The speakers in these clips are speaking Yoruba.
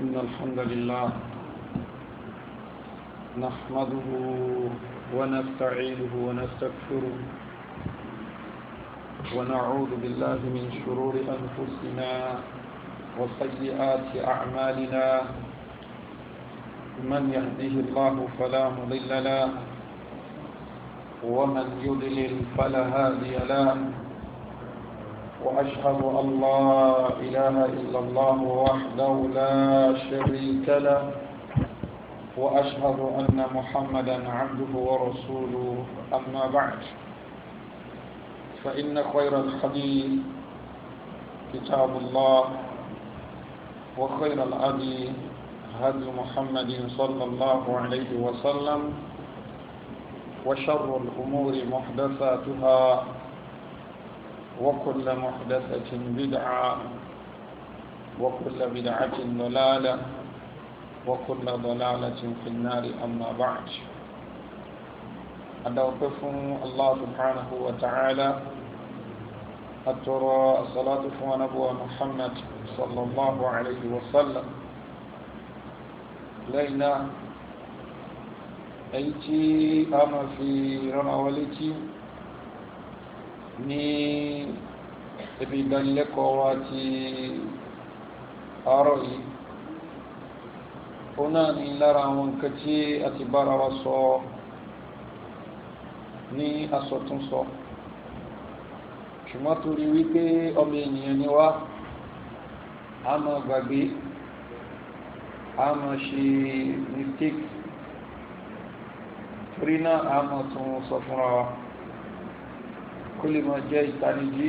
إن الحمد لله نحمده ونستعينه ونستكفره ونعوذ بالله من شرور أنفسنا وسيئات أعمالنا من يهده الله فلا مضل له ومن يضلل فلا هادي له وأشهد أن لا إله إلا الله وحده لا شريك له وأشهد أن محمدا عبده ورسوله أما بعد فإن خير الحديث كتاب الله وخير الأدي هدي محمد صلى الله عليه وسلم وشر الأمور محدثاتها وكل محدثة بدعة وكل بدعة ضلالة وكل ضلالة في النار أما بعد أدوقف الله سبحانه وتعالى أترى الصلاة ونبوة محمد صلى الله عليه وسلم لينا أيتي أما في رمى وليتي ní ibi ìdánilẹ́kọ̀ọ́ wa ti àárọ̀ yìí ó náà ní lára àwọn nǹkan tí a ti bára wa sọ ní asọ̀túnsọ ṣùgbọ́n torí wípé ọmọ ènìyàn ni wá a máa gbàgbé a máa ṣe mistake torí náà a máa tún sọ fúnra wa kó lè mọ jẹ́ ìtanijí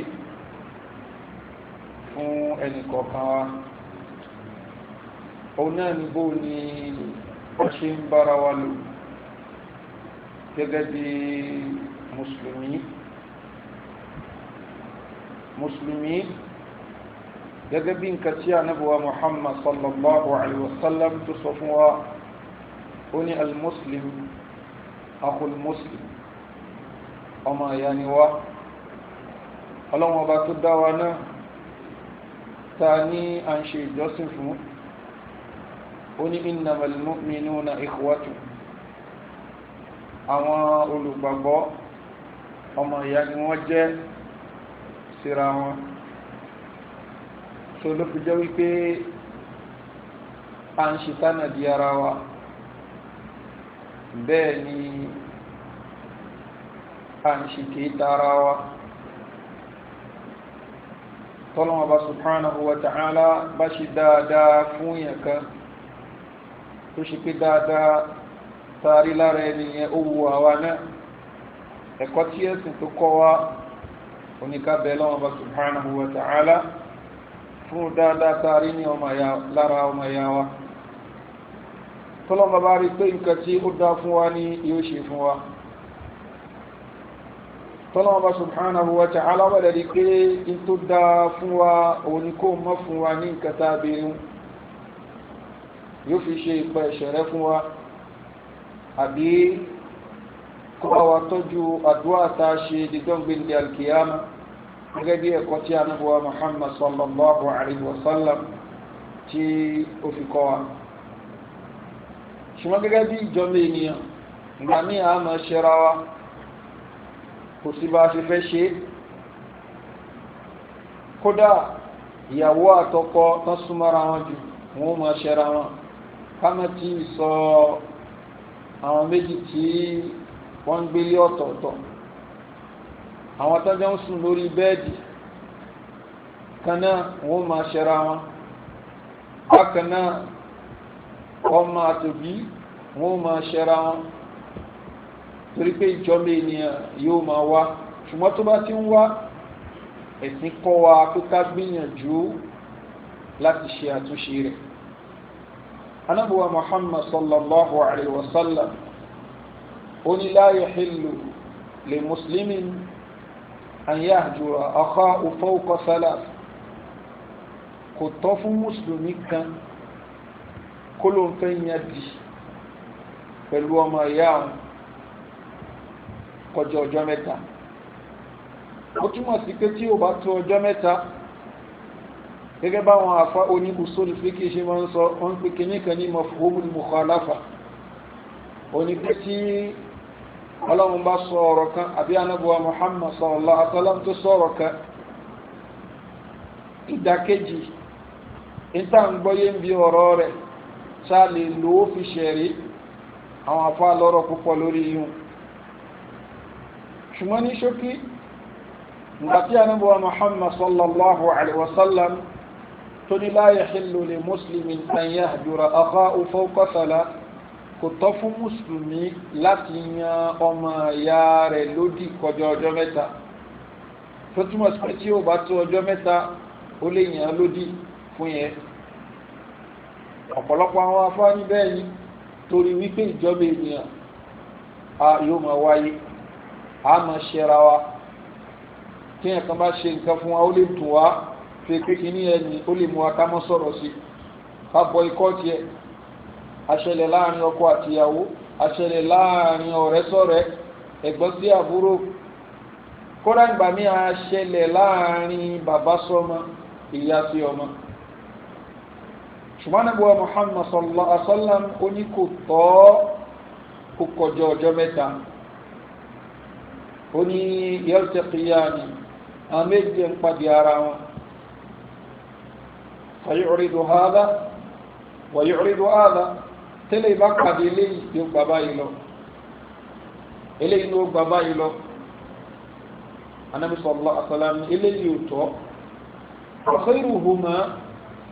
fún ẹnì kọ̀ọ̀kan wa òun náà ní bó ni ó ṣe ń bára wa lò gẹ́gẹ́ bí mùsùlùmí mùsùlùmí gẹ́gẹ́ bí nǹkan tí anábùwà muhammad sallallahu alayhi wa sallam tó sọ fún wa ó ní almuslim akhul muslim ọmọ ìyá ni wa ọlọ́run ọba tó dá wa náà ta ní à ń ṣe ìjọsìn fún ó ní innamal mu'minuna ikhwatu àwọn olùgbàgbọ́ ọmọ ìyá ni wọ́n jẹ́ síra wọn tó ló fi jẹ́ wípé a ń ṣe tánà di ara wa bẹ́ẹ̀ ni a ń ṣe kìí ara wa tọ́lọ́wọ́n bá subhanahu wa ta'ala bá ṣe dáadáa fún yẹn kan tó ṣe pé dáadáa taari lára ẹnìyẹn ó wu àwa náà ẹ̀kọ́ tí ẹ̀sìn tó kọ́ wa oníkà bẹ́ẹ̀ lọ́wọ́n bá subhanahu wa ta'ala fún dáadáa taari ní lára ọmọ ya wa tọ́lọ́wọ́n bá rí pé nǹkan tí ó dá fún wa ní yóò ṣe fún wa tọ́lọ́wọ́ bá subhanahu wa ta'ala wà lẹ́rí pé in tó dá fún wa òun kó mọ́ fún wa ní nǹkan tá a béèrè yóò fi ṣe ìpa ẹ̀ṣẹ̀ rẹ fún wa àbí kó bá wa tọ́jú àdúrà tá a ṣe dídọ́gbìndì alkiyama gẹ́gẹ́ bí ẹ̀kọ́ tí a muhammad sallallahu alayhi wa sallam tí ó fi kọ́ wa ṣùgbọ́n gẹ́gẹ́ bí ìjọba ènìyàn ìgbà míì a máa wa kò sí bá a ṣe fẹ́ ṣe kódà ìyàwó àtọkọ tán súnmọ́ra wọn jù wọn ó máa ṣẹra wọn ká má tí ì sọ àwọn méjì tí wọ́n ń gbélé ọ̀tọ̀ọ̀tọ̀ àwọn tọ́jọ́ ń sùn lórí bẹ́ẹ̀dì kan náà wọn ó máa ṣẹra wọn bákan náà ọmọ àtòbí wọn ó máa ṣẹra wọn torí pé ìjọba ènìyàn yóò máa wá ṣùgbọ́n tó bá ti ń wá ẹ̀sìn kọ́ wa pé ká gbìyànjú láti ṣe àtúnṣe rẹ̀ anábùwà muhammad sallallahu alayhi wa sallam ó ní la yahillu li muslimin an yahjura akhahu fawqa thalath kò tọ́ fún mùsùlùmí kan kó ló ń fẹ́ yan dì pẹ̀lú ọmọ ìyá àwọn kọjá ọjọ́ mẹ́ta ó túmọ̀ sí pé tí ó bá tó ọjọ́ mẹ́ta gẹ́gẹ́ báwọn afa oníbùsọ́lù fíkì ṣe máa ń sọ wọ́n pè kí nìkan ní mafhumul mukhalafa òní pé tí ọlọ́run bá sọ ọ̀rọ̀ kan àbí anábùwà Muhammad sallallahu alaihi wasallam tó sọ ọ̀rọ̀ kan ìdàkejì níta ń gbọ́yé ń bi ọ̀rọ̀ rẹ̀ sáà lè lò ó fi ṣẹ̀rí àwọn afa lọ́rọ̀ púpọ̀ lórí yìí ṣùgbọ́n ní ṣókí ìgbàtí anábọ̀wà muhammad sallallahu alaihi wasallam tó ní la yahillu li muslimin an yahjura akhahu fawqa salah kò tọ́ fún mùsùlùmí láti yan ọmọ ìyá rẹ̀ lódì kọjá ọjọ́ mẹ́ta tó túmọ̀ sí pé tí ó bá tó ọjọ́ mẹ́ta ó lè yan lódì fún yẹn ọ̀pọ̀lọpọ̀ àwọn afáàní bẹ́ẹ̀ ni torí wípé ìjọba ènìyàn yóò máa wáyé a máa ṣẹra wa kí ẹ̀kan bá ṣe nǹkan fún wa ó lè dùn wá fi pé kí ní ẹni ó lè mú wa ká mọ́ sọ̀rọ̀ sí ká bọ ikọ́ tiẹ̀ aṣẹlẹ̀ láàrin ọkọ àtìyàwó aṣẹlẹ̀ láàrin ọ̀rẹ́ sọ̀rẹ́ ẹ̀gbọ́n sí àbúrò kódà ìgbà mi a láàrin bàbá sọmọ ìyá sí ọmọ ṣùgbọ́n níbo Muhammad sallallahu alaihi wasallam oníkò tọ́ kó kọjọ ọjọ́ mẹ́ta ó ní yaltaqiyani àwọn méjì ń pàdé ara wọn fayuridu hadha wa yuridu hadha tẹ́lẹ̀ bá pàdé eléyìí yóò gbà báyìí lọ eléyìí ló gbà báyìí lọ anabi sallallahu alaihi wasallam eléyìí ò tọ́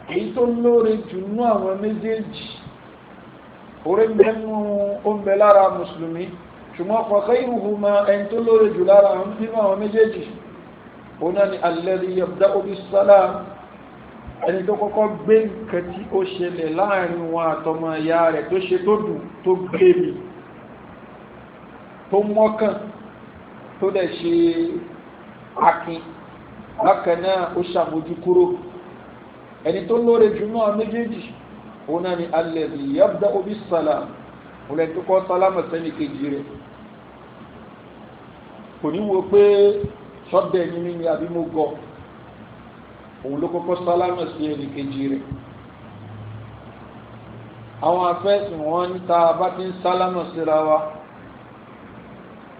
èyí tó lóore jù nú àwọn méjèèjì orí mẹ́nu ó lára mùsùlùmí ṣùgbọ́n fọ̀kọ́ ìrùhù ma ẹni tó lórí jù lára àwọn nínú àwọn méjèèjì òun náà ni alẹ́rí yabda obi sálá ẹni tó kọ́kọ́ gbé nǹkan tí ó ṣẹlẹ̀ láàrin wọn àtọmọ ìyá rẹ̀ tó ṣe tó dùn tó gbé mi tó mọ́kàn tó dẹ̀ ṣe akin bákan náà ó ṣàmójú kúrò ẹni tó lórí jù náà méjèèjì òun náà ni alẹ́rí yabda obi sálá òun ẹni tó kọ́ kejì rẹ̀ kò ní wo pé sọ́dẹ̀ ni mí ni àbí mo gọ̀ òun ló kọ́kọ́ sálámà sí ẹnì kejì rẹ̀ àwọn afẹ́sìn wọn ní tá a bá ti ń sálámà síra wa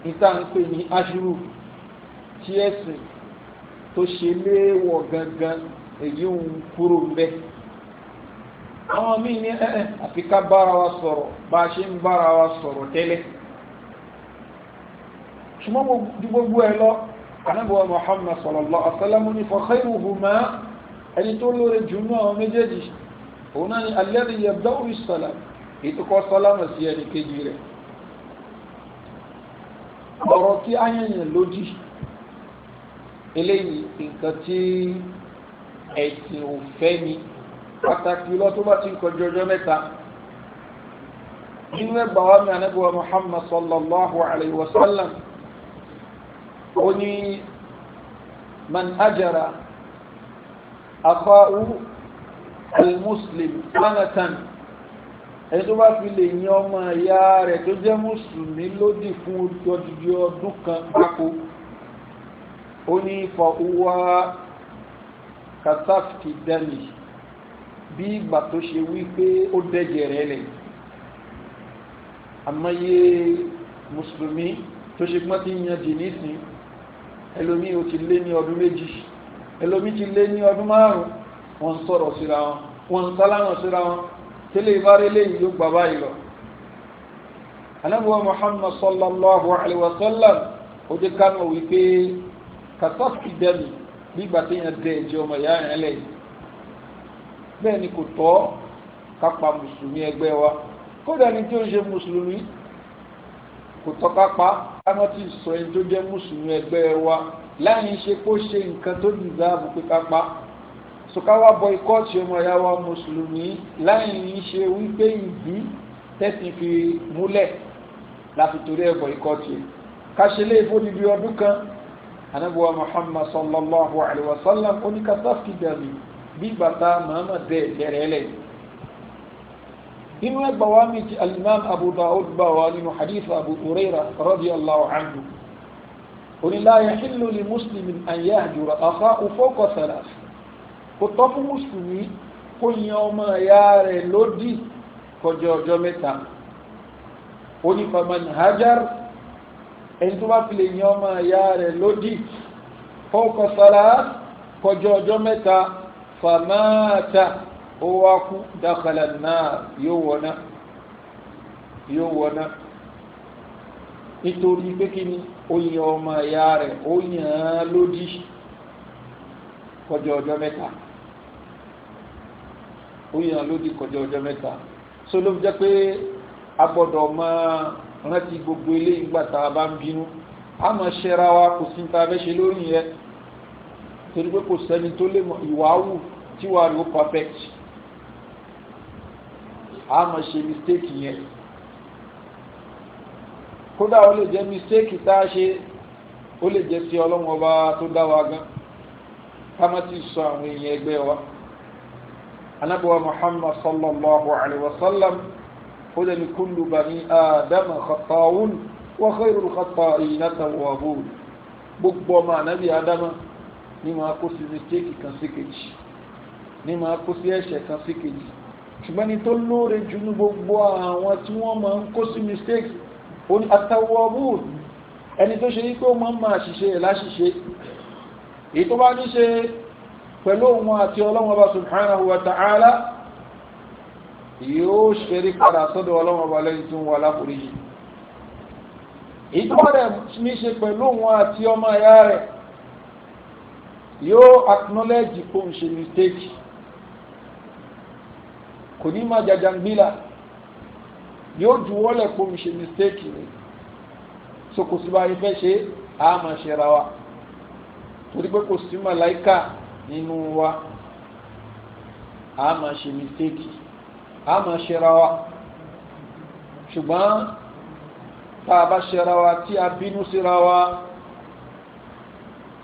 ní tá à ń pè ní aṣírù tí ẹ̀sìn tó ṣe léèwọ̀ gangan èyí ń kúrò mbẹ. àwọn míì ní ẹ àfi ká bára wa sọ̀rọ̀ bá a ṣe ń bára wa sọ̀rọ̀ tẹ́lẹ̀ ṣùgbọ́n ju gbogbo ẹ lọ anábọ̀ Muhammad sallallahu alaihi wasallam ní fa khayruhuma ẹni tó lóore jù náà méjèèjì òun náà ni alladhi yabda'u bis-salam ìtukọ̀ sọ́lámù sí ẹni kejì rẹ̀ ọ̀rọ̀ tí ayẹyẹ lójì eléyìí nǹkan tí ẹ̀sìn ò fẹ́ ni pàtàkì lọ tó bá ti ń kọjú ọjọ́ mẹ́ta nínú ẹgbàá wa mi ànábì Muhammad sallallahu alayhi wa sallam ó ní man ajara afáwú al-muslim anatan ẹni tó bá fi lè yan ọmọ ìyá rẹ̀ tó jẹ́ mùsùlùmí lódì fún odidi ọdún kan gbáko ó ní fa uwa kasafki dani bí ìgbà tó ṣe wí pé ó dẹ́jẹ̀ rẹ̀ lẹ̀ àmọ́ mùsùlùmí tó ṣe pọ́n ti yan jì nísìnyí ẹlòmí ó ti lé ní ọdún méjì ẹlòmí ti lé ní ọdún márùn wọ́n sọ̀rọ̀ síra wọn wọ́n sáláwọn síra wọn tẹ́lẹ̀ ìbárẹ́lẹ̀ yìí yóò gbàbá ìlọ anábọ̀ Muhammad sallallahu alaihi wasallam ó dé kánú wípé kàtàkì dẹ́mi nígbà tí yẹn dẹ ẹ̀jẹ̀ ọmọ ìyá yẹn lẹ́yìn bẹ́ẹ̀ ni kò tọ́ kápá mùsùlùmí ẹgbẹ́ wa kódà ni tí ó ń ṣe mùsùlùmí kò tọ́ kápá káwọn ti sọ ẹni tó jẹ́ mùsùlùmí ẹgbẹ́ wa láyìn ṣe kó ṣe nǹkan tó dìzáàbù pípápá sọkáwá bọikọ́ọ̀tì ọmọ ìyá wa mùsùlùmí láyìn ṣe wípé ìdí tẹ́sìn fi múlẹ̀ láti torí ẹ̀ bọikọ́ọ̀tì káṣílẹ̀ ọdún kan anábọ̀wá muhammad sallallahu alayhi wa sallam oníkàtàfíjàmì bí bàtà muhammad bẹ́ẹ̀ bẹ̀rẹ̀ lẹ́yìn nínú ẹgbà wa mi ti alimam abu dawud bá wa nínú hadith abu huraira radiyallahu anhu onílá yahillu li muslimin an yahjura akhahu fawqa thalath kò tọ́ fún mùsùlùmí kó yan ọmọ ẹ̀yà rẹ̀ lódì kọjá ọjọ́ mẹ́ta onífàmàn hajar ẹni tó bá fi lè yan ọmọ ẹ̀yà rẹ̀ lódì fawqa thalath kọjá ọjọ́ mẹ́ta fàmáàtà ó wá kú dákàlà náà yóò wọná yóò wọná nítorí pé kí ni ó yan ọmọ ìyá rẹ̀ ó yàn án lódì kọjá ọjọ́ mẹ́ta ó yàn án lódì so ló jẹ́ pé a gbọ́dọ̀ máa rántí gbogbo eléyìí nígbà bá ń bínú a máa ṣẹra wa kò sí ta fẹ́ ṣe lórí yẹn torí pé kò sẹ́ni tó lè mọ ìwà wù tí wàá rí perfect a máa ṣe mistake yẹn kódà ó lè jẹ́ mistake tá a ṣe ó lè jẹ́ sí ọlọ́run ọba tó dá wa gan ká má ti sọ àwọn èèyàn ẹgbẹ́ wa anabiwa muhammad sallallahu alayhi wa sallam ó lè ní kullu bani adama khata'un wa khayrul khata'ina tawwabun gbogbo ọmọ anabi adama ní máa kó sí mistake kan sí kejì ní máa kó sí ẹ̀ṣẹ̀ kan sí kejì ṣùgbọ́n ni tó lóore jù ní gbogbo àwọn tí wọ́n máa ń kó sí mistakes ó ní atawọ́bù ẹni tó ṣe wípé ó máa ń máa ṣiṣe ẹ̀ láṣìṣe èyí tó bá ní ṣe pẹ̀lú òun àti ọlọ́wọ́n bá subhanahu wa ta'ala yóò ṣeré padà sọ́dọ̀ ọlọ́wọ́n bá lẹ́yìn tó ń wà láforíjì èyí tó bá rẹ̀ ní ṣe pẹ̀lú òun àti ọmọ ẹ̀yà rẹ̀ yóò acknowledge kó ń ṣe mistake kò ní máa jàjàngbílà yóò juwọ́lẹ̀ kó mi ṣe mistake ni so kò sí báyìí fẹ́ ṣe á máa ṣe ra wa torí pé kò sí màláìka nínú wa á máa ṣe mistake á máa ṣe ra wa ṣùgbọ́n tá a bá ṣe ra wa tí a bínú síra wa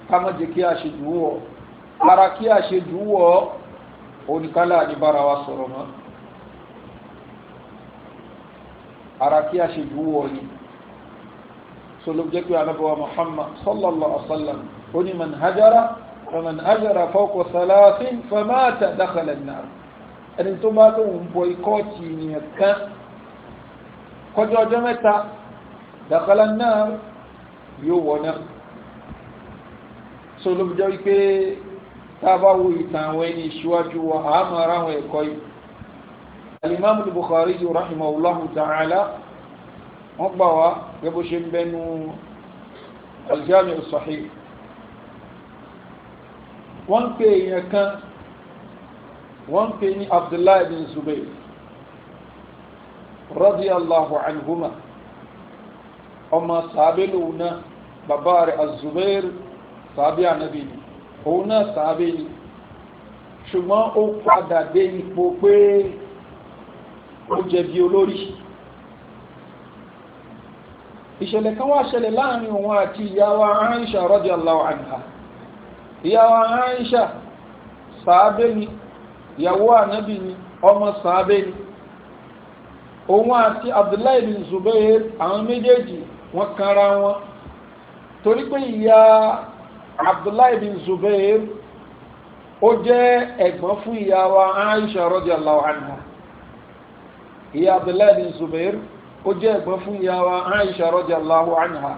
ká má jẹ́ kí a ṣe jù wọ́ ara kí a ṣe jù wọ́ oníkálá àdìbára wa sọ̀rọ̀ mọ́. ara kí a ṣe gbúwọ́ ni so ló jẹ́ pé anábọ̀wá muhammad sallallahu alaihi wa sallam ó ní man hajara faman hajara fawqa salasin famata dakhala an-nar ẹni tó bá tó ń bọ ikọ́ tì yẹn kan kọjá ọjọ́ mẹ́ta dakhala an yóò wọ̀ náà so ló ìtàn àwọn ẹni ìṣíwájú wa àmọ́ ara àwọn ẹ̀kọ́ yìí alimami Bukhari rahimahullahu ta'ala wọ́n gbà wá gẹ́gbó ṣe ń bẹnu aljami sahih wọ́n ń pè èèyàn kan wọ́n ń pè ní Abdullahi bin Zubayr radiyallahu anhuma ọmọ sàábé lòun náà bàbá rẹ̀ azubair sàábé ànábì ni òun náà sàábé ni ṣùgbọ́n ó padà dé ipò pé ó jẹ bí olórí ìṣẹ̀lẹ̀ kan wá ṣẹlẹ̀ láàrin òun àti ìyàwó Aisha radiyallahu anha ìyàwó Aisha sàábé ni ìyàwó ànábì ni ọmọ sàábé ni òun àti Abdullahi bin Zubair àwọn méjèèjì wọ́n kanra wọn torí pé ìyá Abdullahi bin Zubair ó jẹ́ ẹ̀gbọ́n fún ìyàwó Aisha radiyallahu anha ìyá abdullahi bin zubair ó jẹ́ ẹ̀gbọ́n fún ìyá wa aisha radiyallahu anha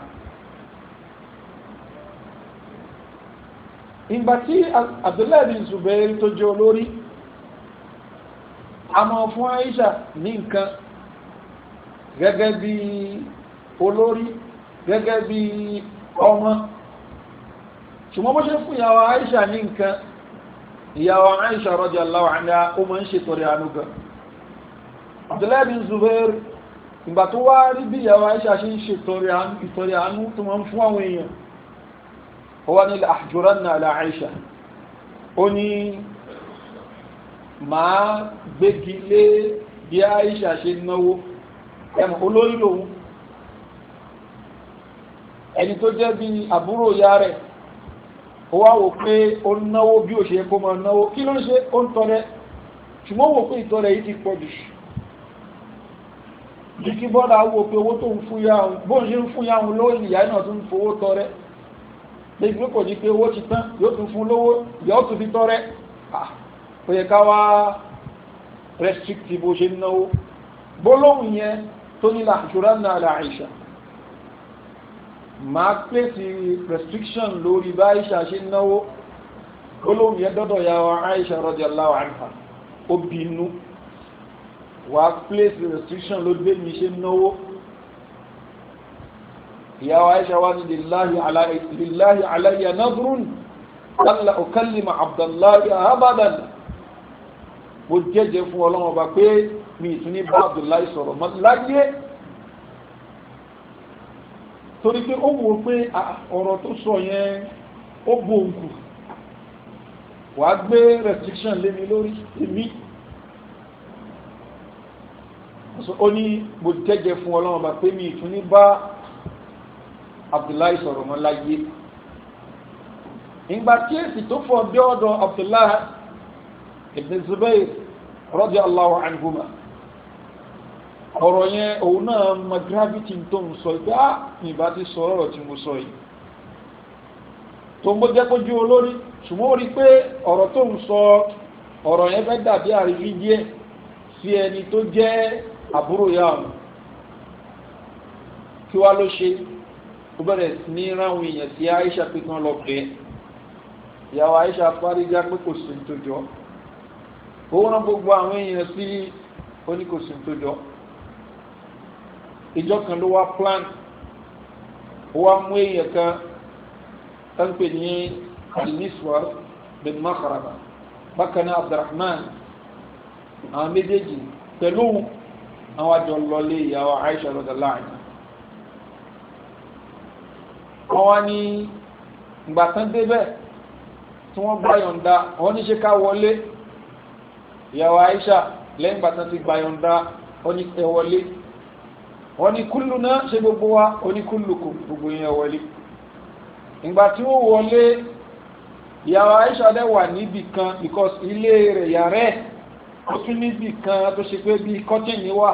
ìgbà tí abdullahi bin zubair tó jẹ́ olórí a máa fún aisha ní nǹkan gẹ́gẹ́ bí olórí gẹ́gẹ́ bí ọmọ ṣùgbọ́n bó ṣe fún ìyàwó aisha ní nǹkan ìyàwó aisha radiyallahu anha ó máa ń ṣètọrẹ àánú gan Abdullahi bin Zubair ìgbà tó wá rí bí ìyàwó Aisha ṣe ń ṣe ìtọrẹ àánú tó máa ń fún àwọn èèyàn ó wá ní ahjuranna ala Aisha ó ní màá gbégi lé bí Aisha ṣe náwó ẹ̀mọ̀ olórí lòun ẹni tó jẹ́ bí àbúrò ìyá rẹ̀ ó wá wò pé ó náwó bí ó ṣe kó máa náwó kí ló ń ṣe ó ń tọrẹ ṣùgbọ́n wò pé ìtọrẹ yìí ti pọ̀ jù ní kí bọ́dà wo pé owó tó ń fún yá òun bó ń ṣe ń fún yá òun lówó ìyá náà tó ń fowó tọrẹ lẹ́yìn pé kò ní pé owó ti tán yóò tún fún lówó yóò tún fi tọrẹ ó yẹ ká wá restrict bó ṣe ń náwó gbólóhùn yẹn tó ní làṣúrà náà là máa pèsè restriction lórí bá àìṣà ṣe ń náwó gbólóhùn yẹn dọ́dọ̀ yà wá àìṣà radiyallahu anha ó bínú workplace restriction ló dé mi ṣe náwó ìyàwó aisha wa ni lillahi alayya nadrun kalla ukallima abdullahi abadan mo jẹ́jẹ́ fún ọlọ́wọ́n ọba pé mi ìtún ní bá abdullahi sọ̀rọ̀ mọ́ láyé torí pé ó wò pé ọ̀rọ̀ tó sọ yẹn ó bò ń kù wàá gbé restriction lé mi lórí èmi ó ní mo jẹ́jẹ́ fún ọlọ́run bá pé mi ìtún ní bá abdullahi sọ̀rọ̀ mọ́ láyé ìgbà tí èsì tó fọ́ bí ọ̀dọ̀ abdullahi ibn zubair radiyallahu anhuma ọ̀rọ̀ yẹn òun náà mọ gravity tó ń sọ pé ah mi ìbá ti sọ ọ̀rọ̀ tí mo sọ yìí tó ń bó jẹ́ kójú olórí ṣùgbọ́n ó rí pé ọ̀rọ̀ tó ń sọ ọ̀rọ̀ yẹn fẹ́ dàbí àrífín sí ẹni tó jẹ́ àbúrò ìyá ọ̀nà kí wá ló ṣe ó bẹ̀rẹ̀ sí ní ráwọn èèyàn tí Aisha pé kí wọ́n lọ bẹ̀ ìyàwó Aisha parí já pé kò sí tó jọ ó rán gbogbo àwọn èèyàn sí oníkòsí tó jọ ìjọ kan ló wá plan ó wá mú èèyàn kan tó pè ní aliniswar bin makaraba bákan náà Abdulrahman àwọn méjèèjì pẹ̀lú àwọn àjọ lọlé ìyàwó Aisha radhiyallahu anha wọ́n wá ní ìgbà tán débẹ̀ tí wọ́n gbà yọ̀ǹda ní ṣe ká wọlé ìyàwó Aisha lẹ́yìn ìgbà tán ti gbà yọ̀ǹda wọ́n ní ẹ wọlé wọ́n ní kúlù náà ṣe gbogbo wa wọ́n ní kúlù kò gbogbo yẹn wọlé ìgbà tí ó wọlé ìyàwó Aisha dẹ̀ wà níbì kan because ilé rẹ̀ yàrá ẹ̀ ó tún níbì kan tó ṣe pé bí kọ́tìnì wà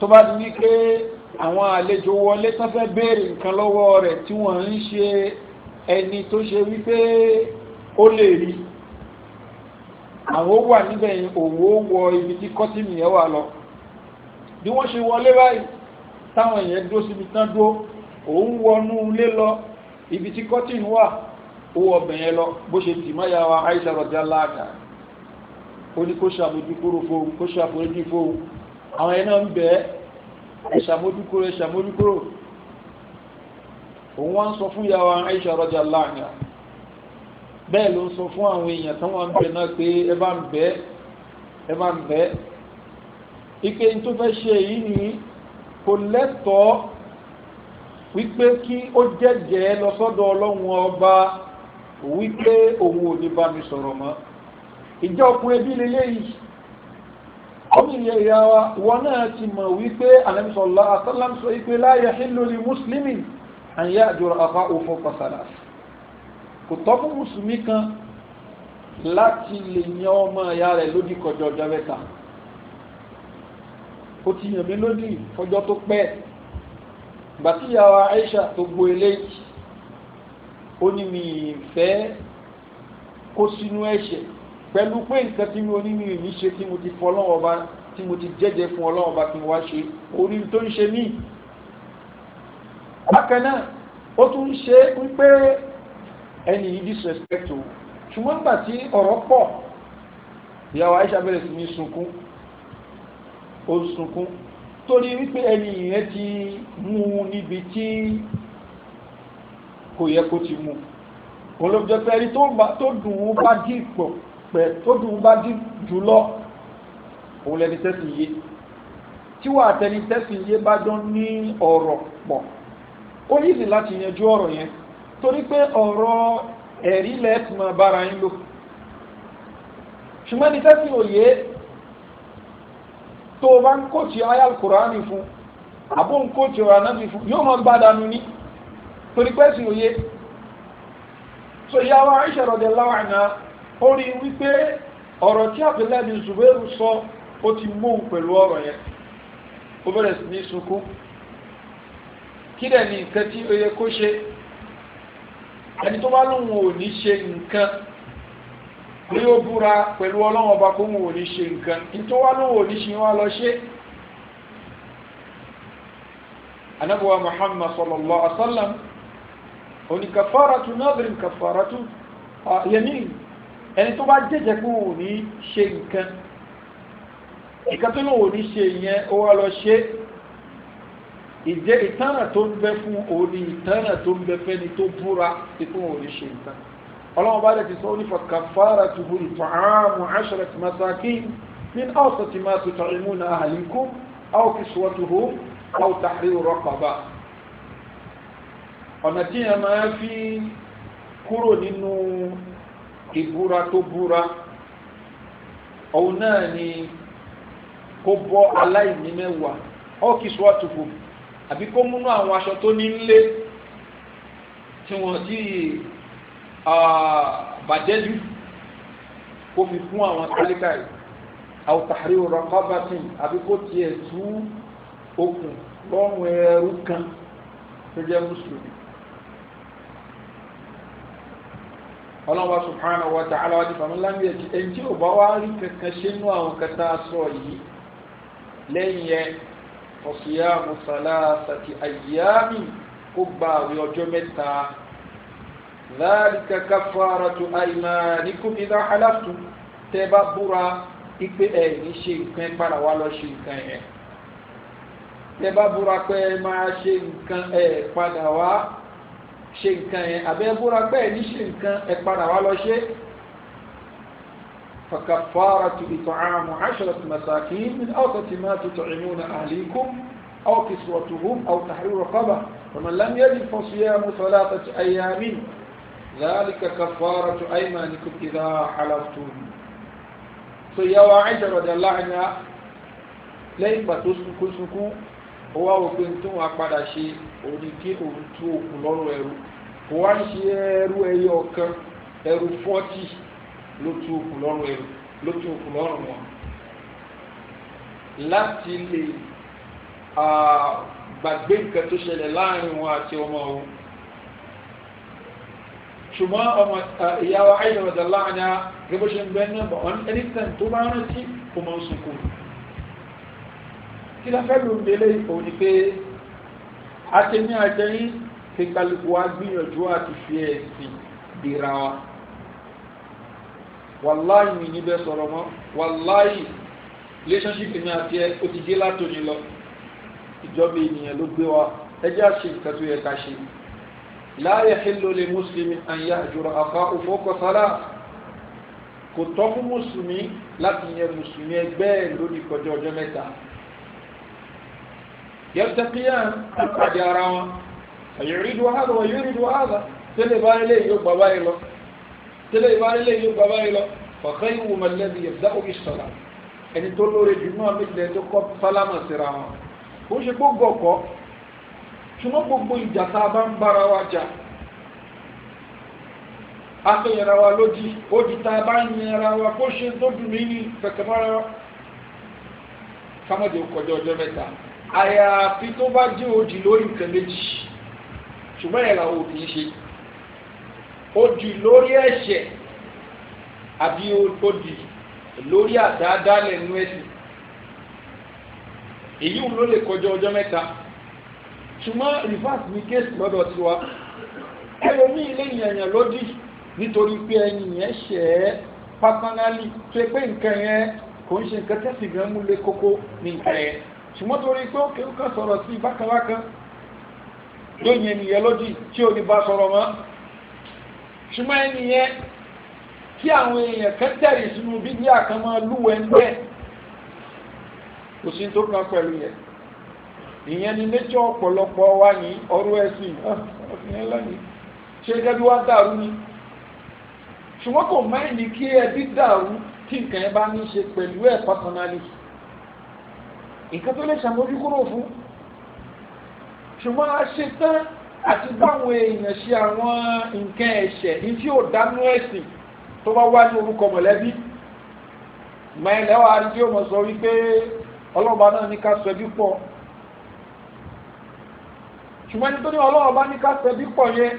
tó bá di wípé àwọn àlejò wọlé tán fẹ́ béèrè nǹkan lọ́wọ́ rẹ̀ tí wọ́n ń ṣe ẹni tó ṣe wípé ó lè rí àwọn ó wà níbẹ̀ yẹn òwò ó wọ ibi tí kọ́tìmì yẹn wà lọ bí wọ́n ṣe wọlé báyìí táwọn èèyàn dúró síbi tán dúró òun wọnú ilé lọ ibi tí kọ́tìmì wà ó wọ ọbẹ̀ yẹn lọ bó ṣe tì mọ́yà wa Aisha rọ̀jà láàkà ó ní kó ṣàbójú kúrò fóun kó ṣàbójú fóun àwọn yẹn náà ń bẹ ẹ ṣàmójúkúrò ẹ ṣàmójúkúrò òun wá ń sọ fún ìyá wa Aisha radiyallahu anha bẹ́ẹ̀ ló ń sọ fún àwọn èèyàn tó wọ́n ń bẹ náà pé ẹ bá ń bẹ ẹ bá ń bẹ ike tó fẹ́ ṣe yìí ni kò lẹ́tọ̀ọ́ wípé kí ó jẹ́jẹ́ lọ sọ́dọ̀ ọlọ́run ọba wípé òun ò ní bá mi sọ̀rọ̀ mọ́ ìjọ ọkùnrin bí lélẹ́yìí ọmọ ìyẹ ìyá wa wọn náà ti mọ̀ wípé anamisọ̀lá asálàm sọ wípé láyé hílòlì mùsùlùmí àyà àjọrò àfa òfò pàṣàlà kò tọ́ fún mùsùlùmí kan láti lè yan ọmọ ìyá rẹ̀ lódì kọjọ ọjọ́ mẹ́ta ó ti yàn mí lódì fọjọ́ tó pẹ́ gbàtíyà wa Aisha tó gbọ́ eléyìí ó ní mi fẹ́ kó sínú ẹ̀ṣẹ̀ pẹ̀lú pé nǹkan tí mi ò ní mi ò ní ṣe tí mo ti fọ ọlọ́wọ́ ọba tí mo ti jẹ́jẹ́ fún ọlọ́wọ́ ọba tí mo wá ṣe orí tó ń ṣe mí. bákan náà ó tún ń ṣe wípé ẹni yìí disrespect o ṣùgbọ́n nígbà tí ọ̀rọ̀ pọ̀ ìyàwó Aisha bẹ̀rẹ̀ sí ní sunkún ó sunkún torí wípé ẹni yẹn ti mú un níbi tí kò yẹ kó ti mú un òun ló jẹ́ pé ẹni tó dùn ún bá dì pọ̀ pẹ̀ tó dùn bá dín jùlọ òun lẹni tẹ́sìn yé tí wà tẹni tẹ́sìn yé bá jọ ní ọ̀rọ̀ pọ̀ ó yìí láti yanjú ọ̀rọ̀ yẹn torí pé ọ̀rọ̀ ẹ̀rí lẹ́ẹ̀tìmọ̀ bára ń lò ṣùgbọ́n ní tẹ́sìn òye tó bá ń kóòtù ayal kùránì fún àbó ń kóòtù ànábì fún yóò mọ gbádànù ní torí pẹ́sìn òye so ìyá wa Aisha radiyallahu anha ó rí wípé ọ̀rọ̀ tí Abdullahi bin Zubairu sọ ó ti mú pẹ̀lú ọ̀rọ̀ yẹn ó bẹ̀rẹ̀ sí ní sunkún kí dẹ̀ ni nǹkan tí ó yẹ kó ṣe ẹni tó bá lóun ò ní ṣe nǹkan ní ó búra pẹ̀lú ọlọ́wọ́n ọba kó wọn ò ní ṣe nǹkan ní tó wá lóun ò ní ṣe wá lọ ṣe anábọ̀wá Muhammad sallallahu alaihi wasallam oníkàfàràtú nadhrin kàfàràtú ah, yamin ẹni tó bá jẹ́jẹ́ pé òun ní ṣe nǹkan nǹkan tó lóun ní ṣe ìyẹn ó wá lọ ṣe ìjẹ́ ìtánà tó ń bẹ fún òun ní ìtánà tó ń bẹ fẹ́ni tó búra tí fún òun ní ṣe nǹkan ọlọ́run bá dẹ̀ ti sọ ó ní fakafaratuhu ìtọ̀hámù asharati masakin min awsati ma tut'imuna ahlikum aw kiswatuhum aw tahriru raqaba ọ̀nà tí yẹn máa fi kúrò nínú ìbúra tó búra òun náà ni kó bọ́ aláìní mẹ́wàá ọ́kì sọ́ọ̀tùfù àbí kó múnú àwọn aṣọ tó ní nílé tí wọ́n ti bàjẹ́jú kó fi fún àwọn tálíkà yìí aw tahriru raqabatin àbí kó tiẹ̀ tú okùn lọ́rùn ẹrú kan tó jẹ́ mùsùlùmí ọlọ́wọ́ subhanahu wa ta'ala wa nípa ńlá ní ẹ̀kí ẹni tí ò bá wá rí kankan ṣe nú àwọn kata sọ yìí lẹ́yìn yẹn ọ̀sùyá mùsàlá sàti àyíyámi kó gba àwẹ̀ ọjọ́ mẹ́ta dhalika kafaratu aymanikum idha halaftum tẹ́ bá búra ipe ẹ̀ ní ṣe nǹkan padà wá lọ ṣe nǹkan yẹn tẹ́ bá búra pé máa ṣe nǹkan ẹ̀ padà wá ṣe nǹkan yẹn àbẹ́ búra bẹ́ẹ̀ ní ṣe nǹkan ẹ padà wá lọ ṣe فكفارة إطعام عشرة مساكين من أوسط ما تطعمون أهليكم أو كسوتهم أو تحرير رقبة ومن لم يجد فصيام ثلاثة أيام ذلك كفارة أيمانكم إذا حلفتم so yawa aisha radiyallahu anha lẹ́yìn gbà tó sunkún sunkún ó wá wò pé tó wọn padà ṣe òní kí òun tú òkun lọ́rùn ẹrú kò wá ń ṣe ẹrú ẹyọ ọ̀kan ẹrú fọ́tì ló tú òkun lọ́rùn ẹrú ló tú òkun lọ́rùn wọn láti lè gbàgbé nǹkan tó ṣẹlẹ̀ láàrin wọn àti ọmọ wọn ṣùgbọ́n ọmọ ìyàwó àìyàn ọ̀dà láàrin gẹ́gẹ́ bó ṣe ń bẹ́ẹ̀ náà bọ̀ ọ́n ẹni tẹ̀ tó bá rántí kò máa ń sunkún kí la fẹ́ ló ń délé ìfò ni pé àtẹ̀mí àtẹ̀yìn fi kálukú wa gbìyànjú àti fi ẹ̀sìn dìra wa wàláì mi níbẹ̀ sọ̀rọ̀ mọ́ wàláì relationship mi àti ẹ o ti dé látòní lọ ìjọba ènìyàn ló gbé wa ẹjẹ́ àṣe nǹkan tó yẹ ká ṣe la yahillu li mùsùlùmí an yahjura akhaahu fawqa salaah kò tọ́ fún mùsùlùmí láti yẹ mùsùlùmí ẹgbẹ́ lórí kọjá ọjọ́ mẹ́ta yẹ́tẹ́kíyàn àpàdé ara wọn àyẹ̀rídù wàhálà wọ̀ yẹ̀rídù wàhálà tẹ́lẹ̀ bá nílé yóò gbà báyìí lọ tẹ́lẹ̀ bá nílé yóò gbà báyìí lọ fàkàyè wù mọ̀lẹ́bí yẹ̀dá òbí sọ̀lá ẹni tó lóore jù náà méjìlẹ̀ tó kọ́ sálámà síra wọn kò ṣe gbogbo ọkọ̀ ṣùgbọ́n gbogbo ìjà tá a bá ń bára wa jà akọ̀yẹ̀ra wa lódì odi tá a bá yẹra wa kó ṣe tó dùn mí ní kẹ̀kẹ́ ọjọ́ mẹ́ta àyàfi tó bá jẹ́ òdì lórí nǹkan méjì ṣùgbọ́n ẹ̀rà ò kìí ṣe òdì lórí ẹ̀ṣẹ̀ àbí òdì lórí àdáadáalẹ̀ nú ẹ̀sìn èyí ló lè kọjá ọjọ́ mẹ́ta ṣùgbọ́n rivers ní kéèsì lọ́dọ̀ tiwa ẹlòmí ilé ìyẹ̀yẹ̀ lódì nítorí pé ẹni yẹn ṣẹ̀ ẹ́ pápánálì tó pé nǹkan yẹn kò ń ṣe nǹkan tẹ́sì gan múlé kókó ní nǹkan yẹn ṣùgbọ́n torí pé ó kéwọ́ kan sọ̀rọ̀ sí bákanbákan lóyìn ènìyàn lójì tí ò ní bá sọ̀rọ̀ mọ́ ṣùgbọ́n ènìyàn kí àwọn èèyàn kan tẹ̀lé sínú bíbí àkànmọ́ lúwẹ̀ ń bẹ́ẹ̀ kò sí tó kan pẹ̀lú yẹn ìyẹn ni nature ọ̀pọ̀lọpọ̀ wa ní ọ̀rọ̀ ẹ̀sìn ọ̀fìyàn lónìí ṣe gẹ́gẹ́ bí wá dàrú ni ṣùgbọ́n kò máìní kí ẹbí dàrú kí nǹkan ẹ bá ní ṣe pẹ̀lú ẹ̀ personality nǹkan tó lè ṣàmójúkúrò fún ṣùgbọ́n a ṣe tán àti báwọn èèyàn ṣe àwọn nǹkan ẹ̀ṣẹ̀ ní tí ò dánú ẹ̀sìn tó bá wá ní orúkọ mọ̀lẹ́bí mẹ́lẹ́ wa rí tí ó mọ̀ sọ wípé ọlọ́ọ̀bá náà ní ká sọ ẹbí pọ̀ ṣùgbọ́n ní tó ní ọlọ́ọ̀bá ní ká sọ ẹbí pọ̀ yẹn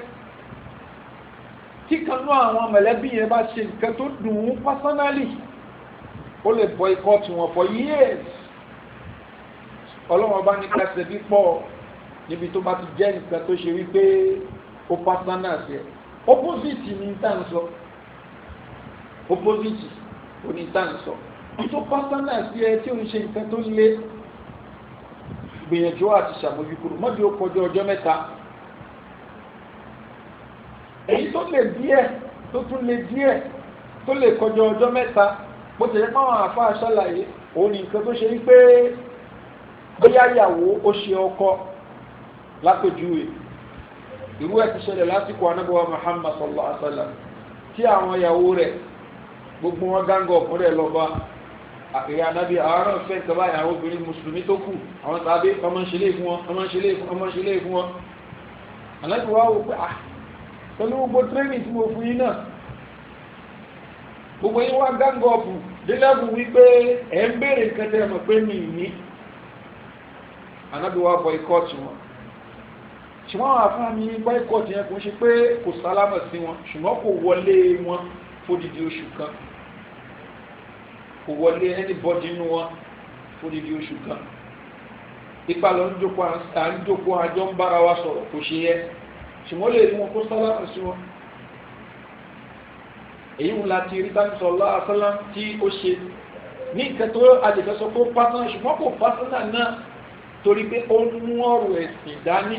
kíkanú àwọn mọ̀lẹ́bí yẹn bá ṣe nǹkan tó dùn ún pásánálì ó lè boycott wọn for years ọlọ́wọ́n bá ní kẹsẹ̀ bí pọ̀ níbi tó bá ti jẹ́ nǹkan tó ṣe wípé ó pásánà sí ẹ̀ opposite ni tá n sọ opposite oní tá n sọ tó pásánà sí ẹ tí òun ṣe nǹkan tó lé gbìyànjú àti ṣàmójúkúrò mọ́bí ó kọjú ọjọ́ mẹ́ta èyí tó lè díẹ̀ tó tún lè díẹ̀ tó lè kọjú ọjọ́ mẹ́ta bó ti yẹ káwọn àfa àṣàlàyé òun nìkan tó ṣe wípé bóyá ìyàwó ó ṣe ọkọ lápèjúwe irú ẹ̀ ti ṣẹlẹ̀ lásìkò anábọ̀wá Muhammad sallallahu alaihi wa sallam tí àwọn ìyàwó rẹ̀ gbogbo wọn gángọ̀ ọ̀kúnrẹ̀ lọ́ba àkèrè anábì àwọn náà fẹ́ ìtọ́ba ìyàwó obìnrin mùsùlùmí tó kù àwọn tàbí ọmọ ìṣẹ̀lẹ̀ fún wọn ọmọ ìṣẹ̀lẹ̀ fún wọn anábì wá wò pé ah pẹ̀lú gbogbo training tí mo fún yín náà gbogbo yín wá gángọ̀ ọ̀pù délẹ́bù wípé ẹ̀ ń béèrè nǹkan tẹ́ pé mi ì ní anábì wa boycott wọn ṣùgbọ́n àwọn afáàmì boycott yẹn kò ń ṣe pé kò sálámà sí wọn ṣùgbọ́n kò wọlé wọn fódìdí oṣù kan kò wọlé anybody nínú wọn fódìdí oṣù kan ipa lọ ń jókòó àjọ ń bára wa sọ̀rọ̀ kò ṣe yẹ ṣùgbọ́n lè rí wọn kó sálámà sí wọn èyí ń láti rí tánìsọ lọ́wọ́ sálám tí ó ṣe ní ìkẹtọ́ àjẹfẹ́sọ kó pátánà ṣùgbọ́n kò pátánà náà torí pé ó ń mú ọ̀rọ̀ ẹ̀sìn dání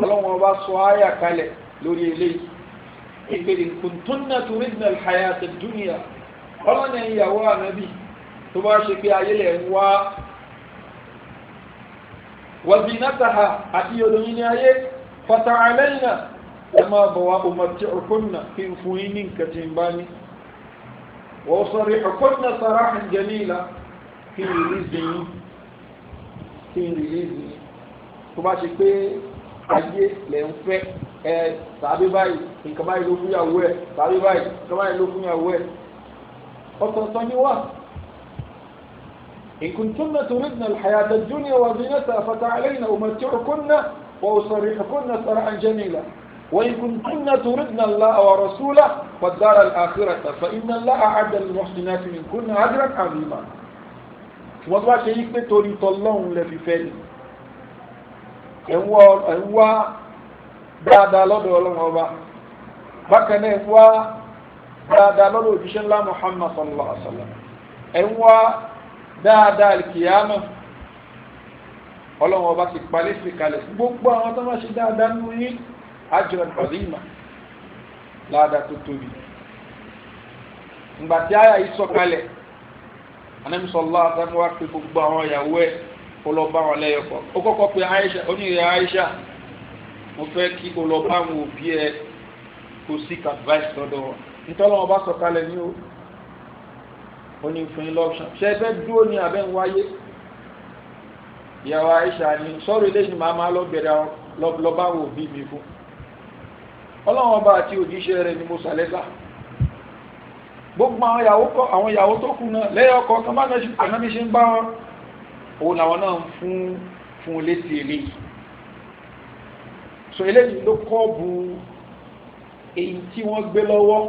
ọlọ́wọ́n bá sọ ayà kalẹ̀ lórí eléyìí ìpèrè kùntúnnà turidna alhayata dunya ọlọ́nà ìyàwó ànábì tó bá ṣe pé ayélẹ̀ ń wá wazinataha àti olóyin ní ayé fata'alayna ẹ máa bọ̀ wá umatti'ukunna kí n fún yín ní nǹkan tí ń bá ní wa usarrihukunna sarahan jamila kí ni kí ni tó bá ṣe pé ayé lẹ̀ ń fẹ́ ẹ tàbí báyìí nǹkan báyìí ló ẹ tàbí báyìí nǹkan báyìí ló ẹ ọ̀tọ̀ọ̀tọ̀ ni wà. إن كنتن تردن الحياة الدنيا وزينتها فتعالين أمتعكن وأصرحكن صرحا جميلا وإن كنتن تردن الله ورسوله والدار الآخرة فإن الله أعد للمحسنات منكن أجرا عظيما ṣùgbọ́n tó bá ṣe yí pé torí tọlọ́run lẹ́bi fẹ́ ni ẹ̀ ń wá dáadáa lọ́dọ̀ ọlọ́run ọba bákan náà ẹ̀ ń wá dáadáa lọ́dọ̀ òjíṣẹ́ ńlá Muhammad sallallahu alaihi wa sallam ẹ̀ ń wá dáadáa alìkìyàmọ̀ ọlọ́run ọba ti palẹ́ sí kalẹ̀ gbogbo àwọn tó máa ṣe dáadáa nínú yín ajran azima láadáa tó tóbi ìgbà tí àyà yìí sọ kalẹ̀ anabi sọlá àtàwọn wa pé gbogbo àwọn ìyàwó ẹ kó bá wọn lẹ́yọ̀kọ̀ ó kọ́kọ́ pé Aisha onírè Aisha mo fẹ́ kí kó lọ bá àwọn òbí ẹ kó seek advice lọ́dọ̀ wọn nítorí wọn bá sọ kalẹ̀ ní o ó fún yín lọ́pṣọ̀n ṣe é fẹ́ dúró ní abẹ́ ń wáyé ìyàwó Aisha ni sọ́ọ̀rọ̀ eléyìí máa máa lọ bẹ̀rẹ̀ lọ bá àwọn òbí mi fún ọlọ́wọ́n bá àti òjíṣẹ́ rẹ̀ ni mo sàlẹ́sà gbogbo àwọn ìyàwó kọ àwọn ìyàwó tó kù náà lẹ́yìn ọkọ kan bá nẹ́sì pẹ̀lú bí ṣe ń bá wọn òun làwọn náà ń fún fún létí eléyìí so eléyìí ló kọ́ bu èyí tí wọ́n gbé lọ́wọ́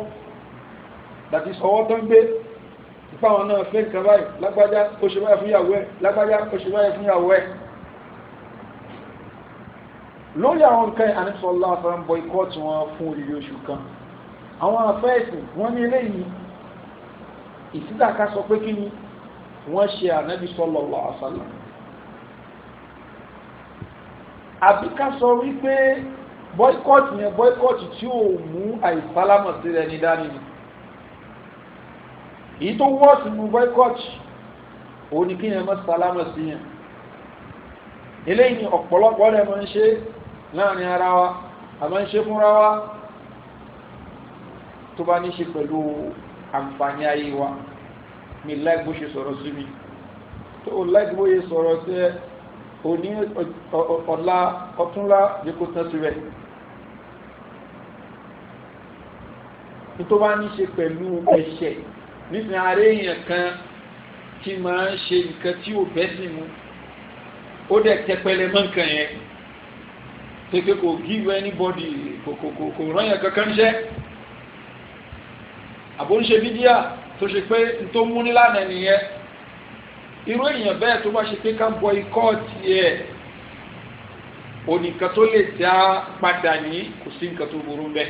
dàbí sọwọ́ tó ń gbé ipa wọn náà fẹ́ nǹkan báyìí lágbájá ó ṣe báyìí fún ìyàwó ẹ̀ lágbájá ó ṣe báyìí fún ìyàwó ẹ̀ lórí àwọn nǹkan àníṣọ́lá fẹ́ ń bọ ikọ́ tí wọ́n fún olùyọ̀ṣù kan àwọn afẹ́ ẹ̀sìn wọ́n ní eléyìí ìsídàká sọ pé kí ni wọ́n ṣe ànábì sallallahu alaihi wasallam àbí ká sọ wípé boycott yẹn boycott tí ò mú àìbálámọ̀ sí rẹ̀ dání ni èyí tó wọ́ọ̀tì mú boycott òun ni kí yẹn mọ́ sálámọ̀ sí yẹn eléyìí ni ọ̀pọ̀lọpọ̀ rẹ̀ máa ń ṣe láàrin ara wa a máa ń ṣe fúnra wa tó bá ní ṣe pẹ̀lú àǹfààní ayé wa mi láìpẹ́ bó ṣe sọ̀rọ̀ sí mi tó o láìpẹ́ bó ṣe sọ̀rọ̀ sí ẹ òní ọ̀la ọ̀túnla jẹ́ kó tán síbẹ̀ tó bá ní ṣe pẹ̀lú ẹ̀ṣẹ̀ nísìn ààrẹ èèyàn kan tí máa ń ṣe nǹkan tí ò bẹ́ sí mu ó dẹ̀ tẹpẹlẹ mọ́ nǹkan yẹn kékeré kò give anybody kò kò kò rányàn kankan ṣẹ́ àbóríṣe bídíà tó ṣe pé n tó mú nílànà nìyẹn irú èèyàn bẹ́ẹ̀ tó bá ṣe pé ká bọ ikọ́ tiẹ̀ onìkan tó lè dá padà ní kò sí nǹkan tó burú bẹ́ẹ̀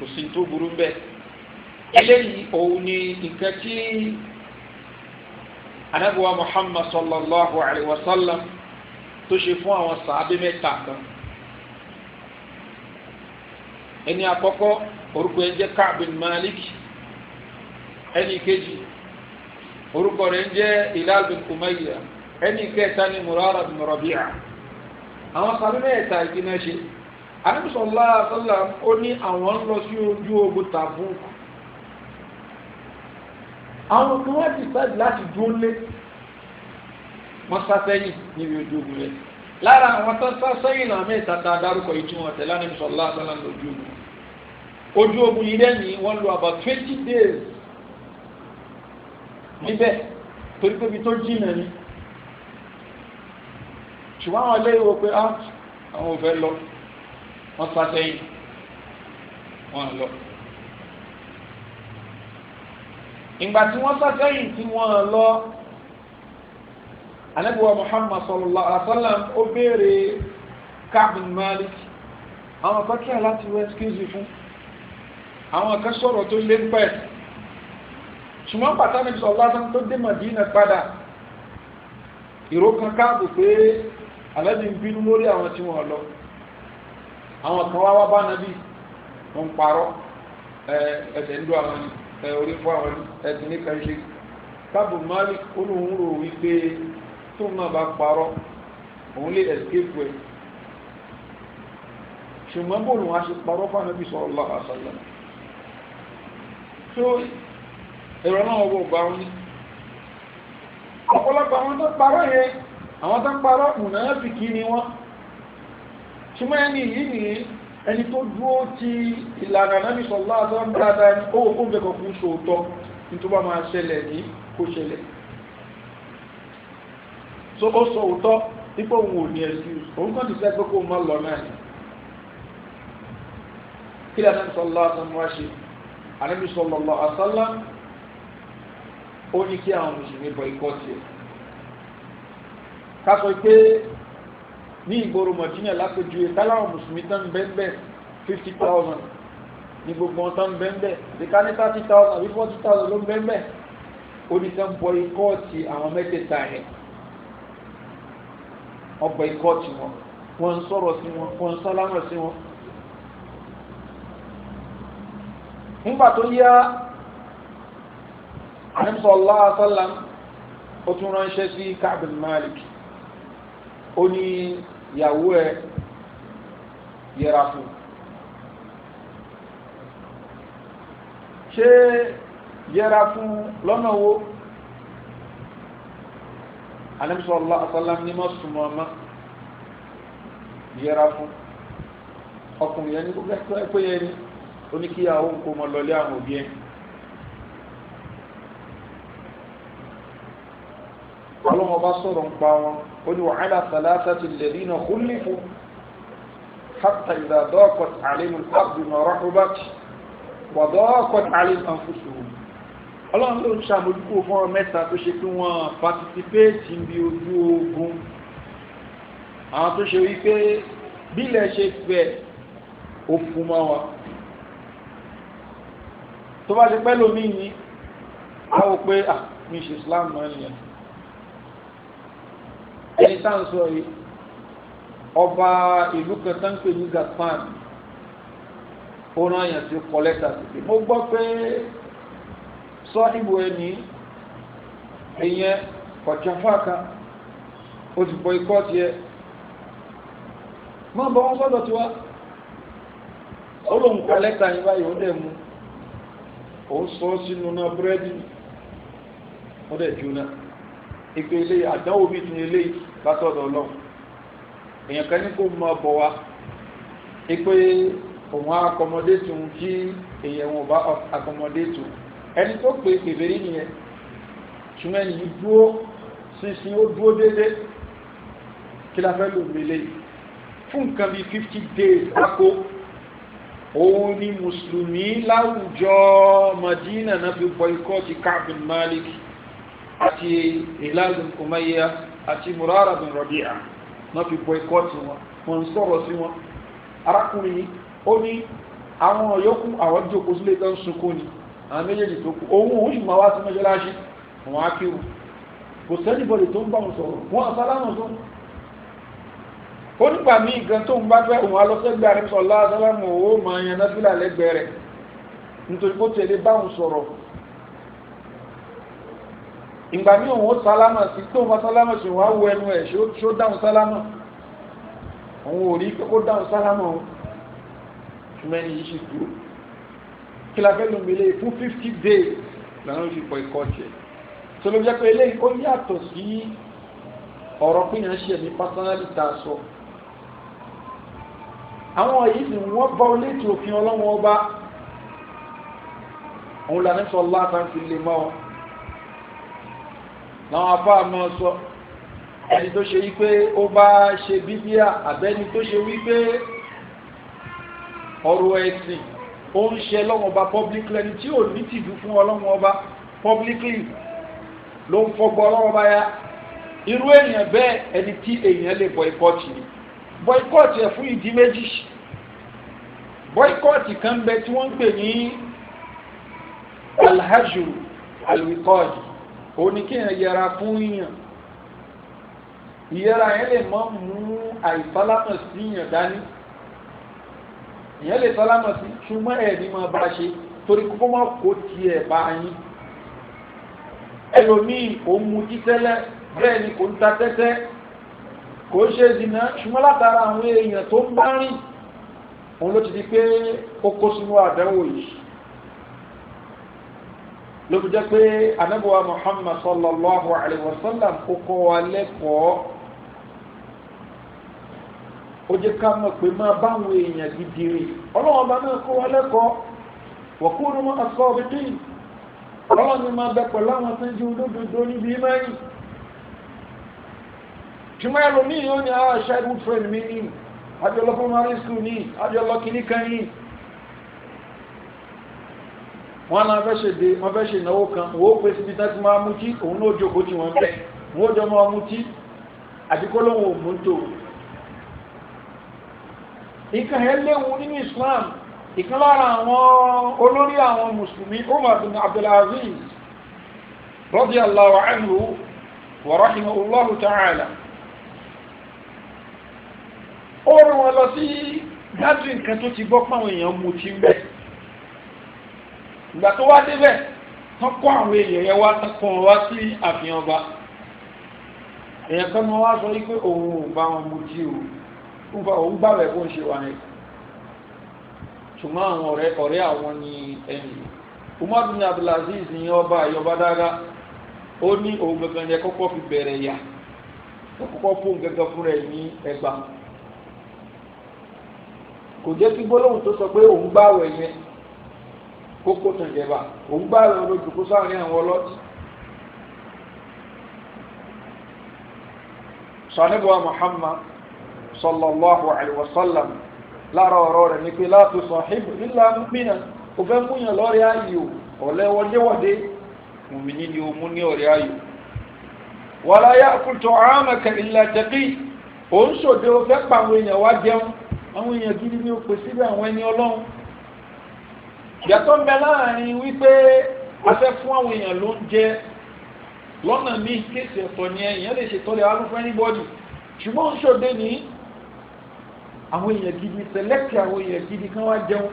kò sí tó burú bẹ́ẹ̀ eléyìí òun ni nǹkan tí anabiwa Muhammad sallallahu alayhi wa sallam tó ṣe fún àwọn sàábé mẹ́ta kan. ẹni akọkọ orúkọ ẹ̀ ń maliki Ka'b Malik ẹni kejì orúkọ rẹ̀ ń jẹ́ Hilal bin Umayya ẹni kẹta ni Murara bin Rabi'a àwọn sàbẹ̀mẹ̀ ẹ̀ta ìgbìnà ṣe àdébùsọ̀lá sọ́là ó ní àwọn ń lọ sí ojú ogun Tabuk àwọn ti sáàdì láti dúró lé wọ́n sá sẹ́yìn níbi a dárúkọ ojú ogun yìí lẹ́yìn wọ́n lo about twenty days níbẹ̀ torí pé ibi tó jìnnà ni ṣùgbọ́n àwọn ilé ìwò pé ah, àwọn ò fẹ́ lọ wọ́n sá sẹ́yìn wọ́n lọ. ìgbà tí wọ́n sá tí wọ́n lọ anabiwa Muhammad sallallahu alaihi wa sallam ó béèrè Ka'b bin Malik àwọn akọ́kẹ́ láti wọ́n excuse fún àwọn kan sọ̀rọ̀ tó lé pẹ́ ṣùgbọ́n pàtàkì sọ lásán tó dé Màdínà padà ìró kan káàbù pé alẹ́bí ń bínú lórí àwọn tí wọ́n lọ àwọn kan wá wá bá nàbí wọn ń parọ́ ẹsẹ̀ ń do àwọn orí fún àwọn ẹ̀sìn ní kan ṣe káàbù mali olóhùn rò wípé tóun náà bá parọ́ òun lè escape ẹ̀ ṣùgbọ́n bóun wá ṣe parọ́ fún ànábì sallallahu alaihi wasallam tó ẹ̀rọ náà wọ bá wọn ní ọ̀pọ̀lọpọ̀ àwọn tó parọ́ yẹn àwọn tó parọ́ mùnáfìkì ni wọ́n ṣùgbọ́n ẹni yìí nìyí ẹni tó dúró ti ìlànà náà ní sọ̀lá àtọ́n dáadáa ní owó kó bẹ̀kọ̀ fún ṣòótọ́ ní tó bá máa ṣẹlẹ̀ ní kó ṣẹlẹ̀ so ó sọ òótọ́ nípa òun ò ní ẹ̀sìn òun kàn ti fẹ́ pé kó má lọ náà ní kí lẹ́nu sọ̀lá àtọ́n wá ṣe anabi sallallahu alaihi wasallam ó ní kí àwọn mùsùlùmí bọ ikọ́ tiẹ̀ ká sọ pé ní ìgboro Mọ̀dínà lápèjúwe táláwọn mùsùlùmí tán bẹ́ẹ̀ fifty thousand ní gbogbo wọn tán bẹ́ẹ̀ ìka ní thirty thousand àbí forty thousand ló ń bẹ́ẹ̀ ó ní sẹ́ń ti àwọn mẹ́tẹ̀ẹ̀ta yẹn ọbọ̀ ikọ́ ti wọn wọn ń sọ̀rọ̀ wọn wọn ń sálámọ̀ wọn. nígbà tó yá àníṣọ́ aláàtọ́lám ó tún ránṣẹ́ sí káàbìn malik ó ní ìyàwó ẹ yẹra fún ṣé yẹra fún lọ́nà wo àníṣọ́ aláàtọ́lám ní mọ́ súnmọ́ ọmọ yẹra fún ọkùnrin ẹni gbogbo ẹgbẹ́ ẹgbẹ́ yẹn ó ní kíyàwó kó mọ lọlé àwọn òbí ẹ ọlọ́mọ bá sọ̀rọ̀ ń pa wọn ó ní wàhálà sàlátà ti lè rí náà kúlì fún hàtà ìdádọ́kọ̀t àlẹ́mù àbdù náà rọ́bàtì wàdọ́kọ̀t àlẹ́mù àfúsùn ọlọ́run ló ń ṣàmójúkò fún ọmọ mẹ́ta tó ṣe pé wọ́n patisipéètì ń bi ojú ogun àwọn tó ṣe wípé bílẹ̀ ṣe fẹ́ òfun mọ́ tó bá ti pẹ́lú mi ní àwọ̀ pé à ah, mi ṣe islam náà nìyẹn ẹni tá à ń sọ yìí ọba ìlú kan tá ń pè ní Gapan ó rán àyàn sí kọ́lẹ́tà sí mo gbọ́ pé sọ ìbò ẹni ìyẹn kọ̀jọ̀fáàkà ó ti bọ ikọ́ tiẹ̀ máa bọ́ wọn sọ́dọ̀ tiwa ó lóun kọ́lẹ́tà yìí báyìí ó dẹ̀ mú ó sọ sínú náà búrẹ́dì wọ́n dẹ̀ jóná ìgbé ilé àdánwò mi tún ilé látọ̀dọ̀ ọlọ́run èèyàn kan ní kó mọ ọbọ̀ wa ipe òun akọmọdé tún kí èèyàn wọn bá akọmọdé tún ẹni tó pe ìbéèrè nìyẹn ṣùgbọ́n ẹni yìí dúró sínsìn ó dúró déédéé kí la fẹ́ lò mí lé fún nǹkan bíi fifty days akó òun ni mùsùlùmí láwùjọ Madina náà fi boycott Ka'b bin Malik àti Hilal bin Umayya àti Murara bin Rabi'a náà fi boycott wọn wọn sọ̀rọ̀ sí wọn arákùnrin ó ní àwọn yòókù àwọn jókòó sílé tán sunkún ni àwọn méjèèjì tó kú òun òun sì máa wá sí mọ́ṣáláṣí àwọn akérò kò sẹ́nìbọ̀dì tó ń bá wọn sọ̀rọ̀ wọn àsálàmù tó ń ó nígbà míì gan tó ń bá fẹ́ òun alọ́sẹ́gbẹ́ àrẹ́sọ̀ láàsálàmù owó máa yan náfìlà lẹ́gbẹ̀ẹ́ rẹ̀ nítorí kó tẹ̀lé báwọn sọ̀rọ̀ ìgbà míì òun ó sálámà sí tó ń bá sálámà sí wọn á wo ẹnu ẹ̀ ṣó dáhùn sálámà òun ò rí kó dáhùn sálámà o ṣùgbọ́n ẹni yìí ṣe dúró kí la fẹ́ lómi lé fún fifty days làwọn fi pọ̀ ikọ́ tiẹ̀ tó ló jẹ́ pé eléyìí ó yàtọ̀ sí ọ̀rọ̀ pínyàn ṣe ní pásánálì tá a sọ. So àwọn yìí sì wọ́n bá olè tí òfin ọlọ́wọ́n ọba òun là ní sọ láta fi lè mọ́ ọ làwọn afá máa sọ ẹni tó ṣe wípé ó bá ṣe bíbíà àbẹ́ni tó ṣe wípé ọ̀rọ̀ ẹ̀sìn ó ń ṣe lọ́wọ́n ọba publicly ẹni tí ò ní tìjú fún ọlọ́wọ́n ọba publicly ló ń fọgbọ́ ọlọ́wọ́n ọba ya irú èèyàn bẹ́ẹ̀ ẹni tí èèyàn lè bọ̀ ẹ̀kọ́ tì í boycott ẹ̀ fún ìdí méjì boycott kan bẹ tí wọ́n ń pè ní alhaju alwikọ́ọ̀dì òun ni kéèyàn yẹra fún yíyàn ìyẹra yẹn lè mọ mú àìsálámọ̀ sí yàn dání ìyẹn lè sálámọ̀ sí ṣùgbọ́n ẹ̀ ní máa bá ṣe torí kókó má kó tiẹ̀ bá yín ẹlòmíì òun mu jí bẹ́ẹ̀ ni kò ń ta tẹ́tẹ́. kò ṣe zina ṣùgbọ́n látara àwọn èèyàn tó ń bá rìn òun ló ti di pé ó kó sínú àdánwò yìí ló fi jẹ́ pé Muhammad sallallahu alayhi wa sallam kó kọ́ wa lẹ́kọ̀ọ́ ó jẹ́ ká mọ̀ pé máa báwọn èèyàn gidi rè ọlọ́wọ́n náà wa lẹ́kọ̀ọ́ wọ̀kúrú mọ́ asọ́ọ̀bì dín ọlọ́wọ́n máa bẹ pẹ̀lú àwọn tó ń ju olódodo níbi ṣùgbọ́n ẹlòmíì yóò ní àwọn childhood friend mi ní àjọlọ primary school ní àjọlọ kìíní kan ní wọn náà ṣe wọn ṣe ìnáwó kan wọn ó pè síbi tán ti máa mutí òun náà jókòó tí wọ́n bẹ̀ wọn ó jọ máa mutí àti kó lóun mú tó nǹkan ẹ léwu nínú Islam ìkan lára àwọn olórí àwọn mùsùlùmí Umar bin Abdulaziz ó rán wọn lọ sí gádùn nǹkan tó ti gbọ́ páwọn èèyàn mu ti ń bẹ̀ ìgbà tó wá débẹ̀ wọ́n kó àwọn èèyàn yẹn wá kó wọn wá sí àfihàn ọba èèyàn kan ni wọ́n wá sọ wípé òun ò bá wọn mu tí o òun gbàgbẹ́ kó ń ṣe wà yẹn ṣùgbọ́n àwọn ọ̀rẹ́ ọ̀rẹ́ àwọn ni ẹni Umar bin Abdulaziz ní ọba ayọba dára ó ní òun gangan yẹ fi bẹ̀rẹ̀ yà kọ́kọ́ fún gangan fúnra ẹ̀ ní ẹgbàá kò jẹ́ kí gbólóhùn tó sọ pé òun gbààwẹ̀ yẹn kókó tàn jẹba òun gbààwẹ̀ olójú kó sáàrin àwọn ọlọ́tí. sanibuwa muhammad sallallahu alaihi wasallam lára ọ̀rọ̀ rẹ̀ ni pé láti sọ hìbù nílá mímínà kò fẹ́ múyàn lọ́rẹ̀ ayò ọ̀lẹ́ wọléwọ̀dé mùmíní ni o mú ní ọ̀rẹ́ ayò wàlá ya'kul ta'amaka illa taqi òun ṣòde o fẹ́ pàwọn èèyàn wá jẹun àwọn èèyàn gidi ni ó pè síbẹ̀ àwọn ẹni ọlọ́run yàtọ̀ ń bẹ láàrin wípé a fẹ́ fún àwọn èèyàn ló ń jẹ lọ́nà míì kéèsì ọ̀tọ̀ ni èèyàn lè ṣètọ́lẹ̀ arúfẹ́ ní bọ́ọ̀dì ṣùgbọ́n ṣòde ní àwọn èèyàn gidi sẹlẹ́kì àwọn èèyàn gidi kan wá jẹun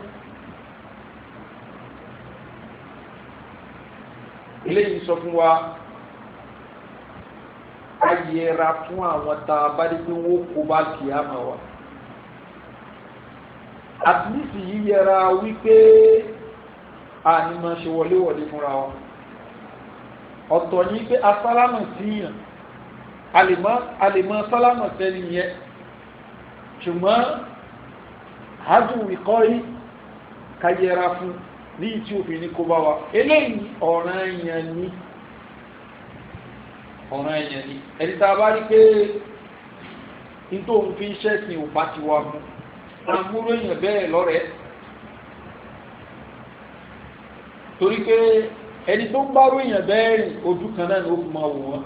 eléyìí sọ fún wa a yẹra fún àwọn tá a bá dé pé wọ́n kó bá kìí àmà wa at least yìí yẹra wípé àní máa ṣe wọléwọlé fúnra wa ọ̀tọ̀ ní pé asálámà síyàn àlèmọ́ sálámà sẹ́ni yẹn ṣùgbọ́n hajjú ìkọ́ yìí ká yẹra fún ní ìtí òfin kó bá wa eléyìí ọ̀ràn èèyàn ni ọ̀ràn èèyàn ni ẹni tá a bá rí pé nítorí fi ń ṣẹ́sìn ò bá ti wá fún amúròyìn bẹ́ẹ̀ lọ́rẹ̀ẹ́ torí pé ẹni tó ń bá ròyìn bẹ́ẹ̀ rìn ojú kan náà ni ó fi máa wò wọ́n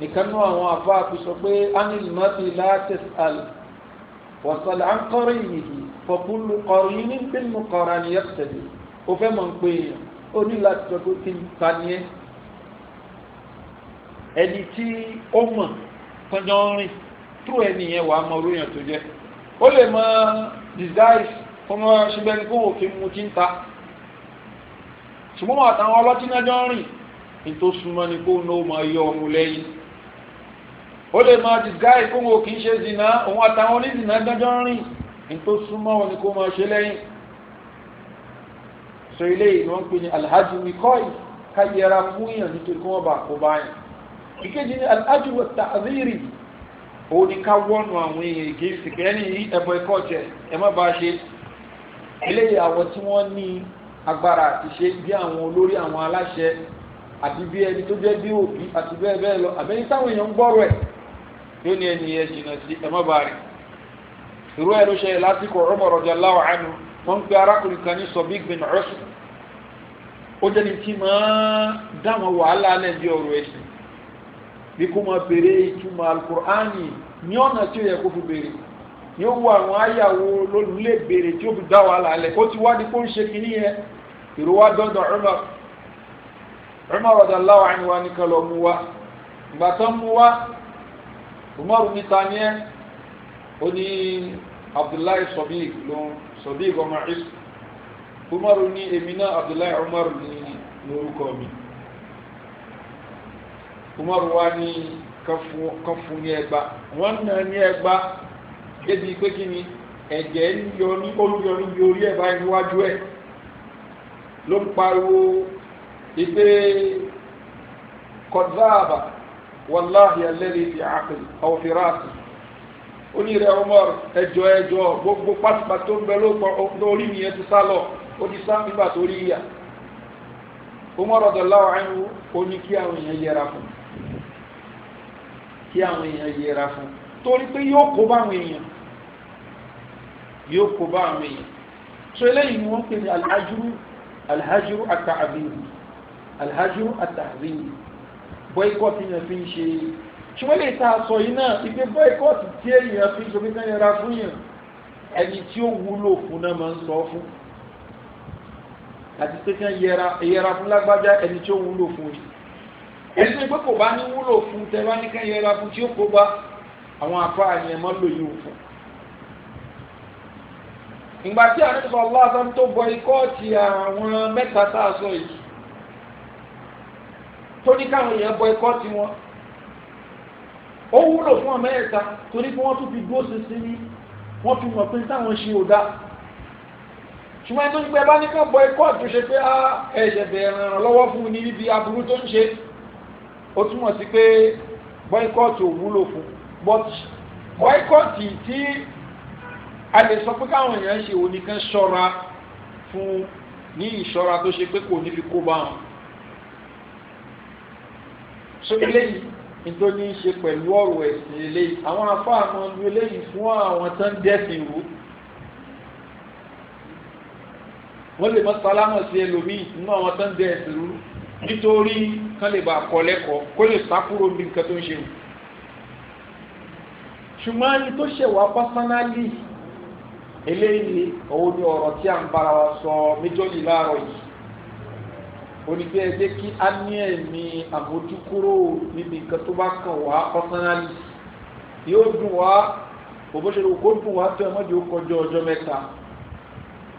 nìkan náà àwọn afá fi sọ pé anil mati latis al wasal an kọrin yìí fọkúlù kọrin ní bínú kọra ni yẹ o fẹ́ mọ̀ ń o ní láti sọ pé kí n ta ni ẹ ẹni tí ó mọ̀ tọ́jọ́ rìn. true ẹni yẹn wàá mọ orí tó jẹ́ ó lè mọ desires ọmọ ṣẹbẹ́ni kó òfin kí ta ṣùgbọ́n àtàwọn ọlọ́tí ń rìn ní tó súnmọ́ ni kó ní ó máa yọ ọmọ lẹ́yìn ó lè disguise kì í ṣe zina òun àtàwọn ń rìn ní tó ni alhaji mikoi ká yẹra fún yàn nítorí kí bá kó alhaji òun ni ká wọ́nù àwọn èèyàn ìgéèsì kẹ́ni ẹ̀bọ̀ ẹ̀kọ́ jẹ ẹ bá ṣe eléyìí àwọn tí wọ́n ní agbára àti ṣe bí àwọn olórí àwọn aláṣẹ àti bí ẹni tó jẹ́ bí òbí àti bẹ́ẹ̀ bẹ́ẹ̀ lọ àbẹ́ni táwọn èèyàn ń gbọ́rọ̀ ẹ̀ yóò ní ẹni yẹn jìnnà sí ẹ bá rìn irú ẹ̀ ló ṣe lásìkò wọ́n ń pe arákùnrin bí kò máa bèrè ìtumọ̀ alukur'ani ní ọ̀nà tí ó yẹ kó fi bèrè ní ó wo àwọn àyàwó lólè bèrè tí ó fi dá wàhálà lẹ̀ ó ti wá di kó ń ṣe kínní yẹn èrò wa dọ́dọ̀ Umar Umar radallahu anhu wa ní kálọ̀ mú wa ìgbà tó mú wa Umar níta ní ẹ ó ní Abdullahi Sadiq ló ń Sadiq ọmọ Ismail Umar ní èmi náà Abdullahi Umar ní lórúkọ mi. Umar wa ní kan fún ní ẹgba wọ́n nà ní ẹgba débi pé kí ni ẹ̀jẹ̀ ń yọ ní olùyọ níbi orí ẹ̀ báyìí níwájú ẹ̀ ló ń pariwo ìpè kọ̀dáàbà wàláhì alẹ́rìí fi àkìlì ọ̀fìrààtì onírẹ̀ Umar ẹjọ́ ẹjọ́ gbogbo pátìpá tó ń bẹ lórí mi yẹn ti ó ti sá nígbà tó rí yà Umar radiyallahu anhu ó àwọn èèyàn yẹra fún kí àwọn èèyàn yẹra fún torí pé yóò kó bá àwọn èèyàn yóò kó bá àwọn èèyàn so eléyìí ni wọ́n pè ní alhajuru alhajuru atahazini alhajuru atahazini boycott yẹn fi ń ṣe ṣùgbọ́n lè ta àsọ yìí náà ibi boycott tí èèyàn fi ń sọ pé kán fún yàn ẹni tí ó wúlò fún náà máa ń sọ fún àti pé kán yẹra fún lágbájá ẹni tí ó wúlò fún yìí ẹni tó ń pé kò bá ní wúlò fún tẹ bá ní kẹ́yìn ẹ̀rọ fún tí ó kó bá àwọn afá yẹn mọ́ lò yìí fún. ìgbà tí àná sọ lásán tó bọ ikọ́ ti àwọn mẹ́ta tá a sọ yìí tó ní káwọn èèyàn bọ ikọ́ ti wọn ó wúlò fún ọmọ ẹ̀ta torí pé wọ́n tún fi dúró ṣinṣin ní wọ́n tún mọ̀ pé táwọn ṣe ò dáa ṣùgbọ́n ẹni tó ń pẹ́ bá ní ká bọ ikọ́ àtúnṣe pé ah, ẹ̀ṣẹ̀ bẹ̀rẹ̀ ràn lọ́wọ́ fún un ní ó túmọ̀ sí pé bọ́íkọ́ọ̀tì ò wúlò fún but bọ́íkọ́ọ̀tì tí a lè sọ pé káwọn èèyàn ṣe oníkan ṣọ́ra fún ní ìṣọ́ra tó ṣe pé kò ní fi kó bá wọn so eléyìí nítorí ní í ṣe pẹ̀lú ọ̀rọ̀ ẹ̀sìn eléyìí àwọn afáàmọ́ lu eléyìí fún àwọn tó ń dẹ́sìn rú wọ́n lè mọ́ sálámọ̀ sí ẹlòmíì nínú àwọn tó ń dẹ́sìn rú nítorí kán lè bá kọ́ lẹ́kọ̀ọ́ kó lè sá kúrò bí nǹkan tó ń ṣe ṣùgbọ́n ẹni tó ṣẹ̀wá pásánálì eléyìí òun ni ọ̀rọ̀ tí a ń bára wa sọ méjọ́lì láàárọ̀ yìí onígbé ẹgbẹ́ kí a ní ẹ̀mí àbójúkúrò níbi nǹkan tó bá kàn wá pásánálì yóò dùn wá òbóṣèlú kó dùn wá tó ẹmọ́dé ó kọjọ ọjọ́ mẹ́ta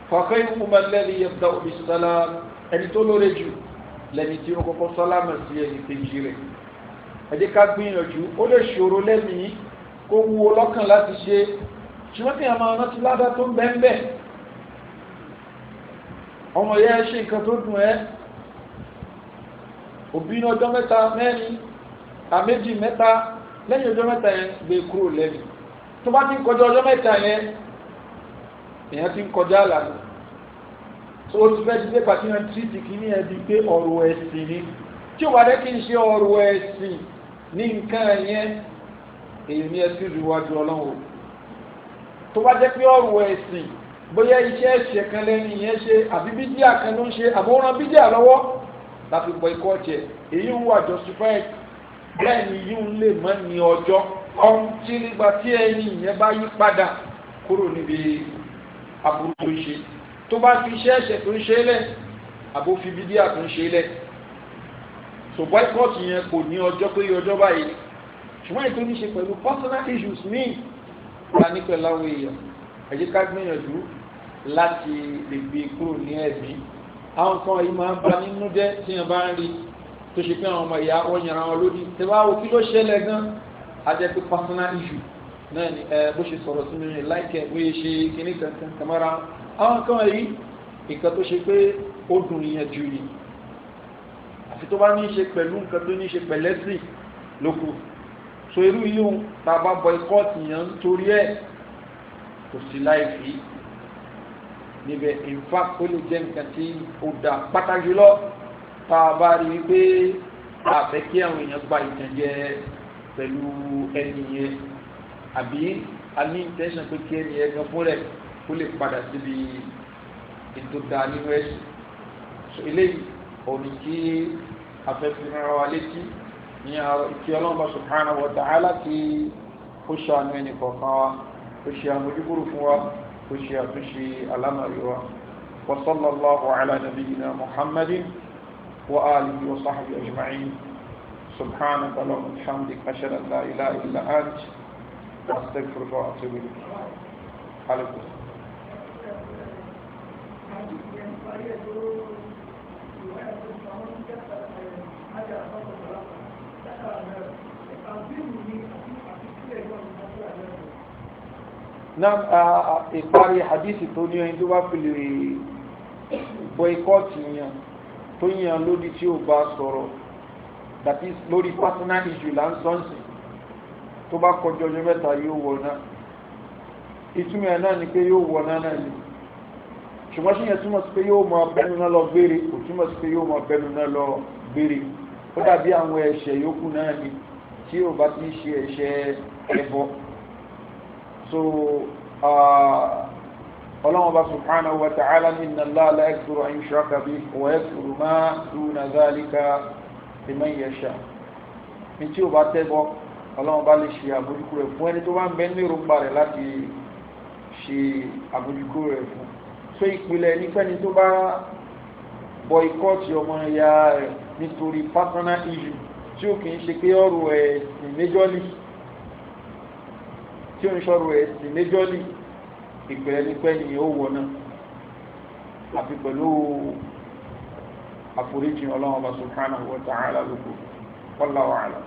fàkẹ́yìn fún mẹ́lẹ́rì yẹn lẹ́ni tí ó kọ́kọ́ sálámà sí ẹni kejì rẹ̀ ẹ jẹ́ ká gbìyànjú ó lè ṣòro lẹ́mìí kó wúwo lọ́kàn láti ṣe ṣùgbọ́n kí a máa rántí ládá tó ń bẹ́ńbẹ́ ọmọ yẹ ṣe nǹkan tó dùn ẹ́ òbí ní ọjọ́ mẹ́ta mẹ́rin àméjì mẹ́ta lẹ́yìn ọjọ́ mẹ́ta yẹn gbé kúrò lẹ́nu tó bá ti ń kọjá ọjọ́ mẹ́ta yẹn èèyàn ti ń kọjá àlànà so ó ti fẹ́ ti dé pàtí náà tírìtì kìíní ẹ̀ bíi pé ọ̀rọ̀ ẹ̀sìn ni tí ó wà dé kí n ṣe ọ̀rọ̀ ẹ̀sìn ní nǹkan yẹn èyí ni ẹsìn ìwájú ọlọ́run tó bá jẹ́ pé ọ̀rọ̀ ẹ̀sìn bóyá iṣẹ́ ẹ̀ṣẹ̀ kan lẹ́yìn yẹn ṣe àbí bídíà kan ló ń ṣe àbóran bídíà lọ́wọ́ láti pọ̀ ikọ́ ọ̀tẹ̀ èyí ń wà justified bẹ́ẹ̀ ni yíò lè mọ́ ní ọjọ́ ọ̀hún nígbà tí ẹni yẹn bá yí padà kúrò níbi aburú tó ṣe tó bá fi iṣẹ́ ẹ̀ṣẹ̀ tó ń ṣe é lẹ̀ àbó fi bídíà tó ń ṣe é lẹ̀ so boycott yẹn kò ní ọjọ́ pé ọjọ́ báyìí ṣùgbọ́n ètò ní ṣe pẹ̀lú personal issues míì wà ní pẹ̀lú àwọn èèyàn ẹ jẹ́ ká gbìyànjú láti lè gbé e kúrò ní ẹ̀mí àwọn kan yìí máa ń ba nínú jẹ́ tí wọ́n bá ń rí tó ṣe pé àwọn ọmọ ìyá wọn yàrá wọn lódì tẹ bá wo kí ló ṣẹlẹ̀ gan ajẹ́ pé personal issue náà ni bó ṣe sọ̀rọ̀ sí mi láìkẹ́ bóyá ṣe kíní kankan kàmọ́ra àwọn kan yìí nǹkan tó ṣe pé ó dùn yẹn jù ni àfi tó bá ní í ṣe pẹ̀lú nǹkan tó ní í ṣe pẹ̀lẹ́sì lóko so irú yíyún tá a bá boycott yẹn nítorí ẹ̀ kò sí láì níbẹ̀ in fact lè jẹ́ nǹkan tí ó dà pàtàkì jùlọ tá a bá rí i pé àfẹ́ kí àwọn èèyàn gba ìtànjẹ pẹ̀lú ẹni yẹn àbí a ní intention pé kí ẹni yẹn gan fún rẹ̀ kó lè padà síbi ètò da nínú ẹ̀sìn so eléyìí òní kí afẹ́fẹ́ rárá wa létí ní kí ọlọ́mọba subhanahu wa ta'ala kí ó ṣàánú ẹnì kọ̀ọ̀kan wa ó ṣe àmójúkúrò fún wa ó ṣe àtúnṣe alámàrí wa wa sallallahu ala nabiyyina muhammadin wa alihi wa sahbihi ajma'in subhanahu wa ta'ala alhamdulillahi ashhadu an la ilaha illa anta astaghfiruka wa atubu ilayk náà ìparí hadisi tó ní ẹni tó bá fi boycott yàn uh, tó yàn lódì tí ó bá sọ̀rọ̀ that is lórí personal issue là ń sọ́nsì tó bá kọjú ọjọ́ mẹ́ta yóò wọ̀ náà ìtumọ̀ náà ni ṣùgbọ́n ṣíyẹn túmọ̀ sí pé yóò máa bẹnu náà lọ gbére kò túmọ̀ sí pé yóò máa bẹnu náà lọ gbére ó dàbí àwọn ẹ̀ṣẹ̀ yòókù náà ni tí yóò bá ti ṣe ẹ̀ṣẹ̀ ẹbọ so ọlọ́run bá subhanahu wa ta'ala inna Allaha la yaghfiru an yushraka bihi wa yaghfiru ma duna dhalika liman yasha ní tí yóò bá tẹ́bọ ọlọ́run bá lè ṣe àbójúkú rẹ̀ fún ẹni tó bá ń bẹ ní èròǹgbà rẹ̀ láti ṣe àbójúkú rẹ̀ fún so ìpìlẹ̀ nífẹ́ni tó bá bọ́ikọ́ọ̀tì ọmọ ìyá rẹ̀ nítorí personal issue tí ó kìí ṣe pé ọ̀rọ̀ ẹ̀sìn méjọ́lì tí ó ń ṣọ̀rọ̀ ẹ̀sìn méjọ́lì ìpìlẹ̀ nífẹ́ni ó wọ̀ náà àfi pẹ̀lú àforíjì ọlọ́run ọba subhanahu wa ta'ala lóko wallahu a'lam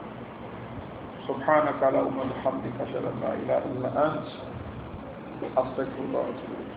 subhanaka allahumma wa bihamdika ashhadu an la